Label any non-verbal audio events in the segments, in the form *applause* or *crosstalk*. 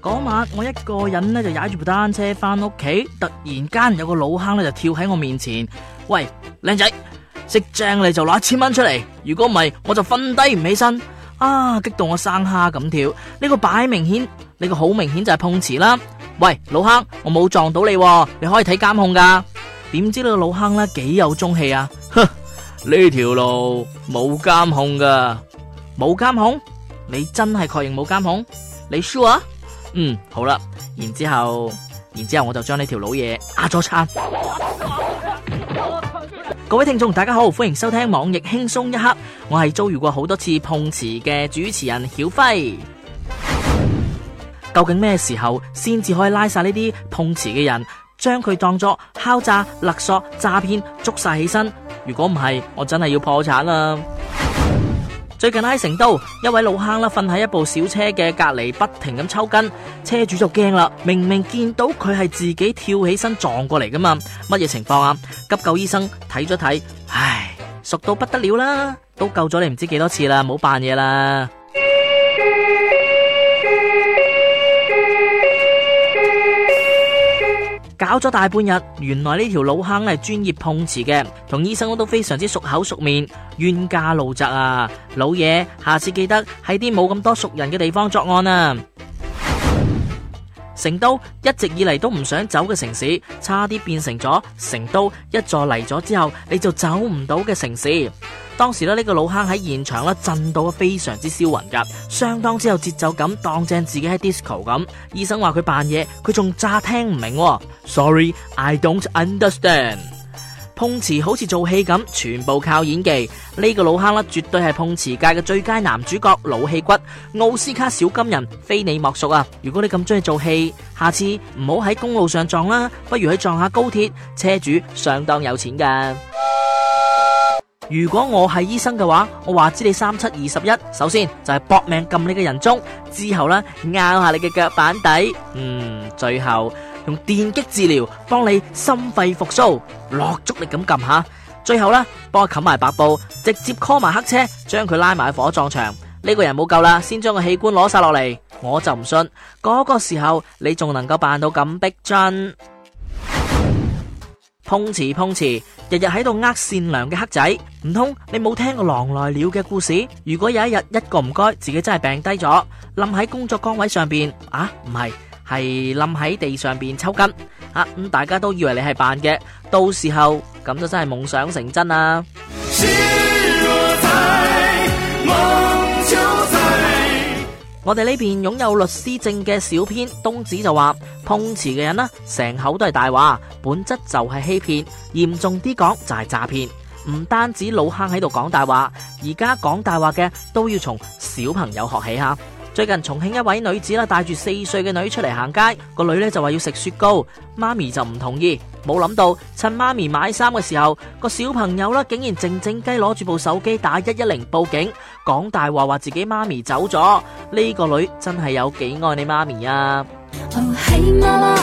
嗰晚我一個人呢，就踩住部單車翻屋企，突然間有個老坑呢，就跳喺我面前，喂，靚仔，識正你就攞一千蚊出嚟，如果唔係我就瞓低唔起身，啊，激到我生蝦咁跳，呢個擺明顯，呢個好明顯就係碰瓷啦，喂，老坑，我冇撞到你，啊，你可以睇監控噶。點知呢個老坑呢幾有中氣啊！呢條路冇監控噶，冇監控，你真係確認冇監控？你輸啊！嗯，好啦，然之後，然之後我就將呢條老嘢壓咗餐。 *noise* 各位聽眾，大家好，歡迎收聽網易輕鬆一刻，我係遭遇過好多次碰瓷嘅主持人曉輝。 *noise* 究竟咩時候先至可以拉晒呢啲碰瓷嘅人？將佢當作敲詐勒索詐騙捉晒起身。如果唔係，我真係要破產啦。 *music* 最近喺成都，一位老坑啦瞓喺一部小車嘅隔籬，不停咁抽筋，車主就驚啦。明明見到佢係自己跳起身撞過嚟噶嘛，乜嘢情況啊？急救醫生睇咗睇，唉，熟到不得了啦，都救咗你唔知幾多次啦，唔好扮嘢啦。搞咗大半日，原來呢條老坑係專業碰瓷嘅，同醫生都，都非常之熟口熟面，冤家路窄啊！老嘢，下次記得喺啲冇咁多熟人嘅地方作案啊！成都一直以嚟都唔想走嘅城市，差啲變成咗成都一座嚟咗之後你就走唔到嘅城市。當時咧呢、呢個老坑喺現場咧震到非常之消魂噶，相當之有節奏感，當正自己喺 disco 咁。醫生話佢扮嘢，佢仲詐聽唔明喎、哦。Sorry, I don't understand。碰瓷好似做戲咁，全部靠演技。呢、這個老坑啦，絕對係碰瓷界嘅最佳男主角，老戲骨，奧斯卡小金人，非你莫屬啊！如果你咁中意做戲，下次唔好喺公路上撞啦，啊，不如去撞下高鐵，車主相當有錢噶。 *noise* 如果我係醫生嘅話，我話知你三七二十一。首先就係搏命撳你嘅人中，之後呢，拗下你嘅腳板底，嗯，最後。用電擊治療，幫你心肺復蘇，落足力咁撳下，最後呢，幫佢冚埋白布，直接 call 埋黑車，將佢拉埋火葬場。呢、這個人冇救啦，先將個器官攞晒落嚟，我就唔信嗰、那個時候你仲能夠扮到咁逼真。碰瓷碰瓷，日日喺度呃善良嘅黑仔，唔通你冇聽過狼來了嘅故事？如果有一日一個唔該，自己真係病低咗，冧喺工作崗位上邊啊，唔係。係冧喺地上邊抽筋啊！咁、嗯、大家都以為你係扮嘅，到時候咁就真係夢想成真啦、啊！ *music* 我哋呢邊擁有律師證嘅小編東子就話：碰瓷嘅人呢，成口都係大話，本質就係欺騙，嚴重啲講就係詐騙。唔單止老坑喺度講大話，而家講大話嘅都要從小朋友學起吓。最近重慶一位女子啦，帶住四歲嘅女出嚟行街，個女咧就話要食雪糕，媽咪就唔同意。冇諗到趁媽咪買衫嘅時候，個小朋友啦竟然靜靜雞攞住部手機打一一零報警，講大話話自己媽咪走咗。呢、這個女真係有幾愛你媽咪啊！Oh, hey, mama,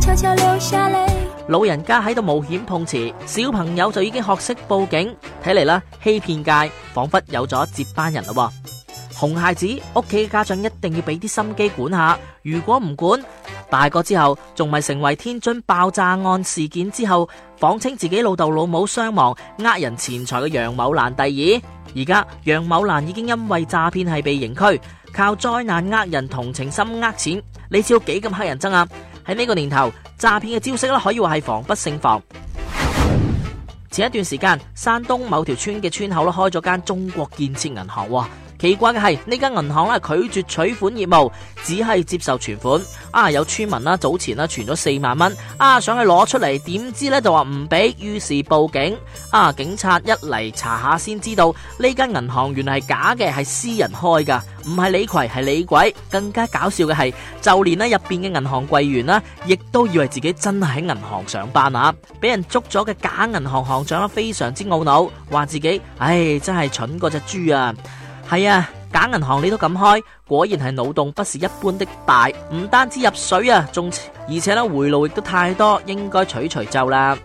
悄悄老人家喺度冒險碰瓷，小朋友就已經學識報警，睇嚟啦，欺騙界仿佛有咗接班人啦。熊孩子屋企嘅家長一定要俾啲心機管下，如果唔管，大個之後仲咪成為天津爆炸案事件之後謊稱自己老豆老母傷亡、呃人錢財嘅楊某蘭第二。而家楊某蘭已經因為詐騙係被刑拘，靠災難呃人同情心呃錢，你知有幾咁黑人憎啊！喺呢個年頭，詐騙嘅招式咧可以話係防不勝防。前一段時間，山東某條村嘅村口都開咗間中國建設銀行。奇怪嘅係呢間銀行咧拒絕取款業務，只係接受存款。啊，有村民啦早前啦存咗四萬蚊，啊想去攞出嚟，點知咧就話唔俾，於是報警。啊，警察一嚟查下先知道呢間銀行原來係假嘅，係私人開噶，唔係李逵係李鬼。更加搞笑嘅係，就連啦入邊嘅銀行櫃員啦，亦都以為自己真係喺銀行上班啊！俾人捉咗嘅假銀行行長啦非常之懊惱，話自己唉、哎、真係蠢過隻豬啊！係啊，假銀行你都敢開，果然係腦洞不是一般的大。唔單止入水啊，仲而且咧回路亦都太多，應該取除就啦。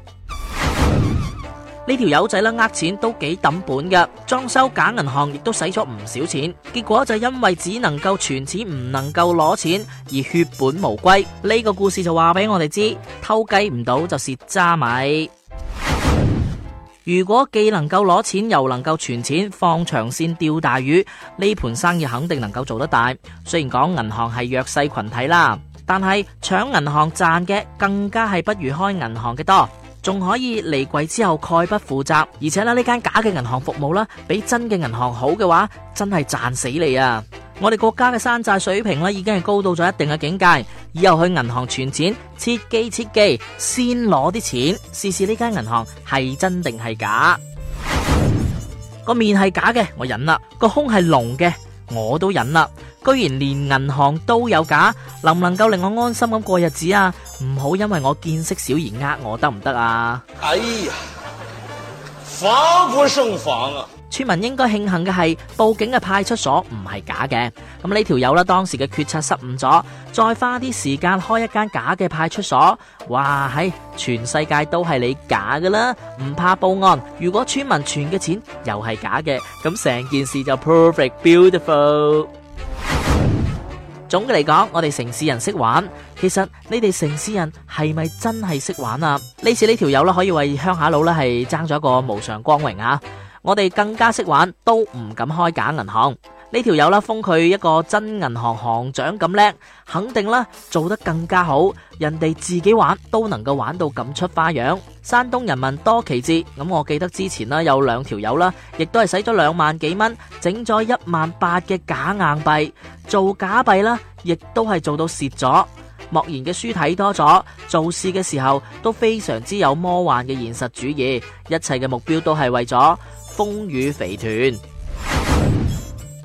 呢條友仔咧呃錢都幾抌本噶，裝修假銀行亦都使咗唔少錢，結果就因為只能夠存錢唔能夠攞錢，而血本無歸。呢、這個故事就話俾我哋知，偷雞唔到就蝕渣米。如果既能夠攞錢又能夠存錢，放長線釣大魚，呢盤生意肯定能夠做得大。雖然講銀行係弱勢群體啦，但係搶銀行賺嘅更加係不如開銀行嘅多，仲可以離櫃之後概不負責。而且呢間假嘅銀行服務啦，比真嘅銀行好嘅話，真係賺死你啊！我哋國家嘅山寨水平咧，已經係高到咗一定嘅境界。以後去銀行存錢，切記切記，先攞啲錢試試呢間銀行係真定係假。個 *noise* 面係假嘅，我忍啦；個胸係隆嘅，我都忍啦。居然連銀行都有假，能唔能夠令我安心咁過日子啊？唔好因為我見識少而呃我得唔得啊？哎呀，防不勝防啊！村民應該慶幸嘅係報警嘅派出所唔係假嘅。咁呢條友啦，當時嘅決策失誤咗，再花啲時間開一間假嘅派出所，哇！喺全世界都係你假㗎啦，唔怕報案。如果村民存嘅錢又係假嘅，咁成件事就 perfect beautiful。總嘅嚟講，我哋城市人識玩，其實你哋城市人係咪真係識玩啊？呢次呢條友啦，可以為鄉下佬啦係爭咗一個無上光榮啊！我哋更加識玩，都唔敢開假銀行。呢條友啦，這個、封佢一個真銀行行長咁叻，肯定啦做得更加好。人哋自己玩都能夠玩到咁出花樣。山東人民多奇志，咁我記得之前啦有兩條友啦，亦都係使咗兩萬幾蚊整咗一萬八嘅假硬幣做假幣啦，亦都係做到蝕咗。莫言嘅書睇多咗，做事嘅時候都非常之有魔幻嘅現實主義，一切嘅目標都係為咗。風雨肥團，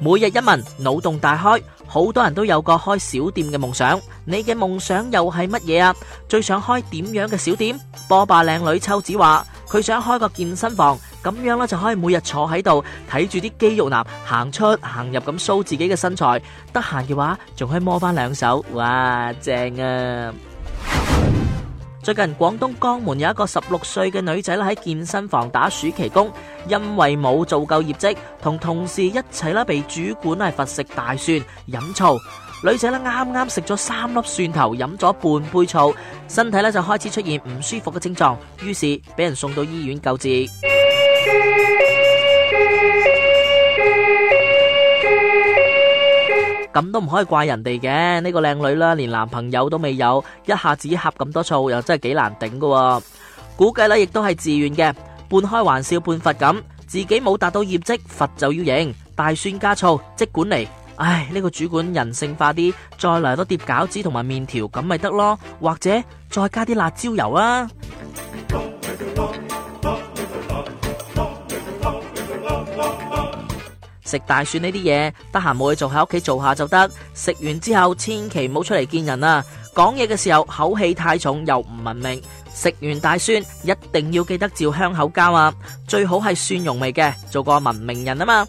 每日一問，腦洞大開，好多人都有個開小店嘅夢想。你嘅夢想又係乜嘢啊？最想開點樣嘅小店？波霸靚女秋子話，佢想開個健身房，咁樣咧就可以每日坐喺度睇住啲肌肉男行出行入咁 show 自己嘅身材，得閒嘅話仲可以摸翻兩手，哇，正啊！最近廣東江門有一個十六歲嘅女仔咧，喺健身房打暑期工，因為冇做夠業績，同同事一齊啦被主管係罰食大蒜、飲醋。女仔咧啱啱食咗三粒蒜頭，飲咗半杯醋，身體咧就開始出現唔舒服嘅症狀，於是俾人送到醫院救治。咁都唔可以怪人哋嘅，呢個靚女啦，連男朋友都未有，一下子呷咁多醋，又真係幾難頂噶。估計咧亦都係自願嘅，半開玩笑半罰咁，自己冇達到業績罰就要認，大蒜加醋即管嚟。唉，呢個主管人性化啲，再嚟多碟餃子同埋麵條咁咪得咯，或者再加啲辣椒油啊！食大蒜呢啲嘢，得閒冇嘢做喺屋企做下就得。食完之後，千祈唔好出嚟見人啊。講嘢嘅時候，口氣太重又唔文明。食完大蒜一定要記得照香口膠啊，最好係蒜蓉味嘅，做個文明人啊嘛。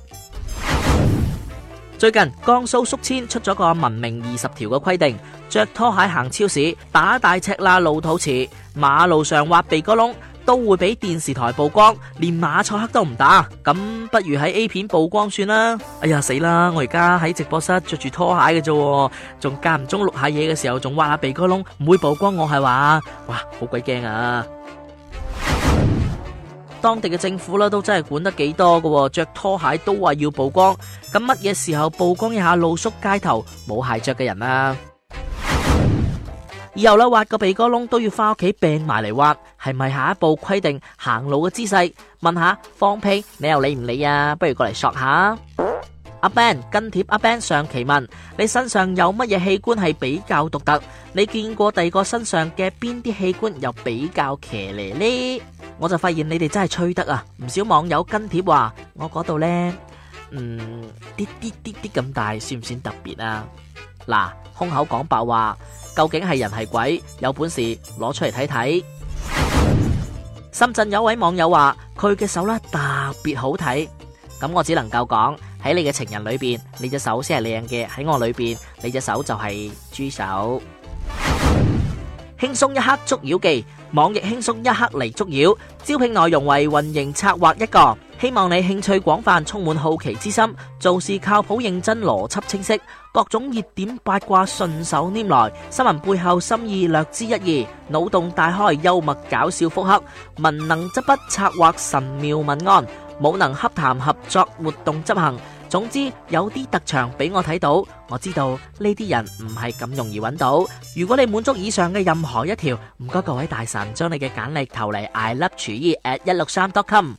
最近江蘇宿遷出咗個文明二十條嘅規定，着拖鞋行超市，打大尺啦，露肚臍，馬路上挖鼻哥窿，都會俾電視台曝光，連馬賽克都唔打，咁不如喺 A 片曝光算啦。哎呀死啦！我而家喺直播室着住拖鞋嘅啫，仲間唔中錄下嘢嘅時候仲挖下鼻哥窿，唔會曝光我係嘛？哇，好鬼驚啊！當地嘅政府啦，都真係管得幾多㗎，着拖鞋都話要曝光，咁乜嘢時候曝光一下露宿街頭冇鞋着嘅人呢？以後啦，挖個鼻哥窿都要返屋企掟埋嚟挖，係咪下一步規定行路嘅姿勢？問下放屁，你又理唔理啊？不如過嚟索下。阿 *noise* Ben 跟帖，阿 Ben 上期問你身上有乜嘢器官係比較獨特？你見過第二個身上嘅邊啲器官又比較騎呢？呢我就發現你哋真係吹得啊！唔少網友跟帖話，我嗰度呢，嗯，啲啲啲啲咁大，算唔算特別啊？嗱，胸口講白話。究竟係人係鬼？有本事攞出嚟睇睇！深圳有位網友話：佢嘅手呢，特別好睇，咁我只能夠講喺你嘅情人裏邊，你隻手先係靚嘅；喺我裏邊，你隻手就係豬手。輕鬆一刻捉妖記。網易輕鬆一刻嚟捉妖，招聘內容為運營策劃一個，希望你興趣廣泛，充滿好奇之心，做事靠譜認真，邏輯清晰，各種熱點八卦順手拈來，新聞背後心意略知一二，腦洞大開，幽默搞笑腹黑，文能執筆策劃神妙文案，武能洽談合作活動執行。總之有啲特長俾我睇到，我知道呢啲人唔係咁容易揾到。如果你滿足以上嘅任何一條，唔該各位大神將你嘅簡歷投嚟 I love 廚藝 at 一六三 .com。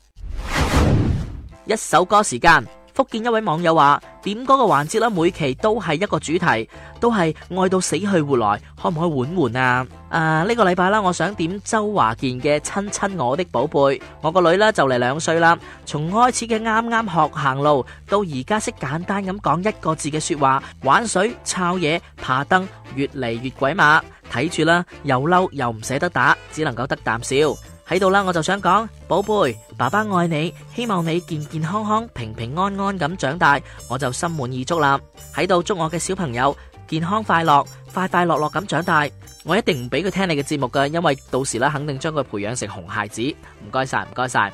一首歌時間。福建一位網友話：點嗰個環節啦，每期都係一個主題，都係愛到死去活來，可唔可以緩緩啊？啊，呢個禮拜啦，我想點周華健嘅《親親我的寶貝》，我個女呢，就嚟兩歲啦，從開始嘅啱啱學行路，到而家識簡單咁講一個字嘅說話，玩水、抄嘢、怕燈，越嚟越鬼馬，睇住啦，又嬲又唔捨得打，只能夠得啖笑。喺度啦，我就想講，寶貝，爸爸愛你，希望你健健康康、平平安安咁長大，我就心滿意足啦。喺度祝我嘅小朋友健康快樂、快快樂樂咁長大，我一定唔俾佢聽你嘅節目㗎，因為到時咧肯定將佢培養成熊孩子。唔該曬，唔該曬。。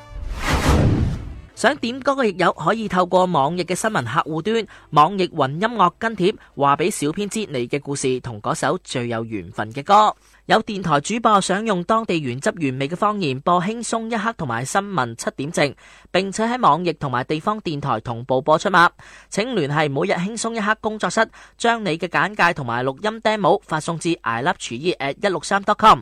想點歌嘅亦友可以透過網易嘅新聞客戶端、網易雲音樂跟帖，話俾小編知你嘅故事同嗰首最有緣分嘅歌。有電台主播想用當地原汁原味嘅方言播《輕鬆一刻》同埋《新聞七點正》，並且喺網易同埋地方電台同步播出嗎？請聯繫每日《輕鬆一刻》工作室，將你嘅簡介同埋錄音 demo 發送至 163.com。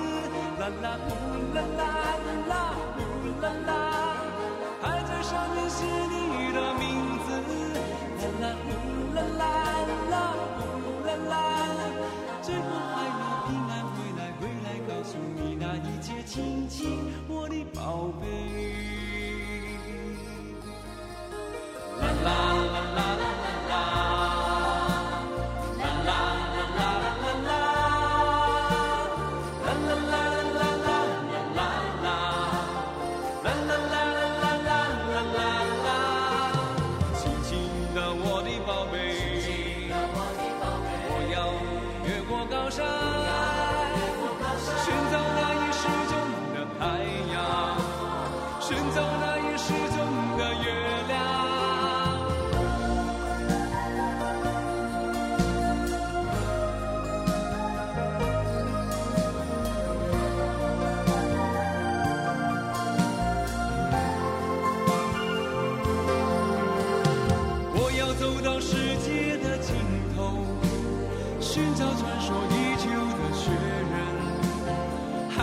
啦啦呼、嗯、啦啦嗯啦啦呼、嗯、啦啦，還在上面寫你的名字，啦啦、嗯。到我的寶貝，我要越過高山。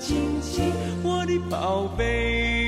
親親，我的寶貝。